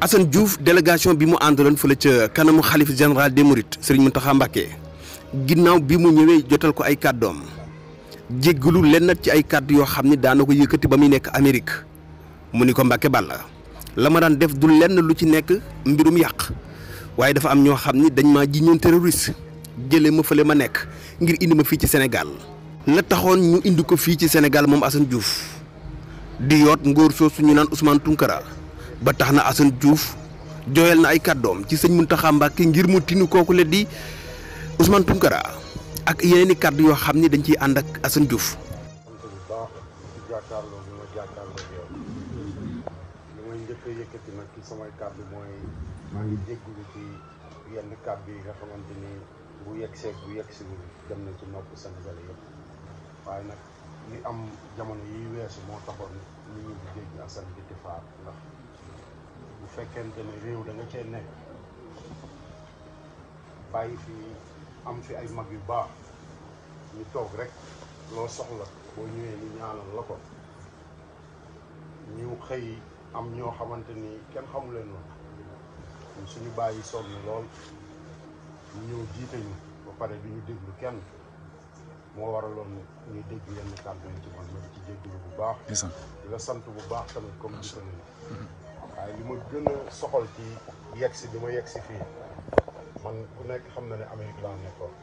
Assane Diouf délégation bi mu àndaloon fële ca kanamu xalif général des Mourides Serigne Mountakha Mbacké ginnaaw bi mu ñëwee jotal ko ay kàddoom jéggalu lenn ci ay kàdd yoo xam ni daana ko yëkkati ba muy nekk Amérique mu ni ko Mbacké Balla la ma daan def du lenn lu ci nekk mbirum yàq waaye dafa am ñoo xam ni dañ maa jiñoon terroriste jëlee ma fële ma nekk ngir indi ma fii ci Sénégal la taxoon ñu indi ko fii ci Sénégal moom Assane Diouf di yoot ngóor soosu ñu naan Ousmane Tounkara ba tax na Assane Diouf jooyal na ay kàddoom ci sëñ Mountakha Mbacké ngir mu tinu kooku le di Ousmane Tounkara ak yeneen i kàddu yoo xam ni dañ ci ànd ak Assane Diouf. maa ngi jéggulu ci yenn kàddu yi nga xamante ni bu yegg seeg bu yegg siwul dem na ci nopp Sénégal yëpp li am jamono yi weesu moo taxoon nit ñi di dégg Assane di faar ndax bu fekkente ne réew da nga cee nekk bàyyi fi am fi ay mag yu baax ñu toog rek loo soxla boo ñëwee ñu ñaanal la ko ñu xëy am ñoo xamante ni kenn xamu leen noonu suñu bàyyi sonn lool ñu ñëw jiite ñu ba pare du ñu déglu kenn. moo waraloon ñuy dégg yenn kàddu yi ci man ma ci jéggalu bu baax. di la sant bu baax tamit comme gisanu la. waaye li ma gën a soxal ci yegg si bi ma yegg si fii man ku nekk xam na ne Amérique laa nekkoon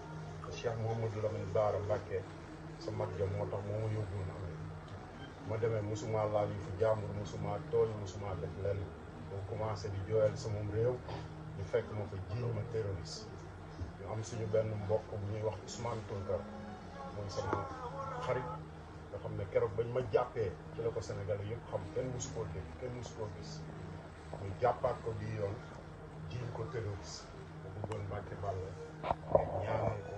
Cheikh Mouhamadou Lamine Baara Mbacke sa mag jom moo tax moo ma yóbbuwoon Amérique ma demee mosuma laaj yu fi jàmbur mosuma tooñ mosuma def lenn mu commencé di jooyal sama réew ñu fekk ma fa jiiñ ma terroriste ñu am suñu benn mbokk mu ñuy wax Ousmane Tounkara. muy sama xarit nga xam ne keroog bañ ma jàppee ci la ko Sénégalais yëpp xam kenn musu koo dégg kenn musu koo gis ñu jàppaat ko bii yoon jiiñ ko terroriste bu bëggoon Macky Sall ak ñaanal ko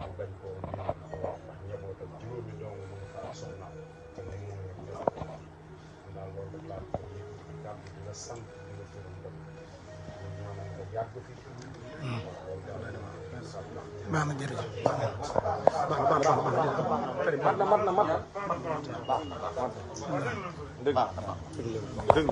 mu bañ ko ndax njabootam juróomi doomu mu fa ak soxnaam te ne ñu ngi daal loolu rek laa ko yëg sant di la gërëm baax na jërëjëf baax na baax na baax na mat na mat na baax na baax na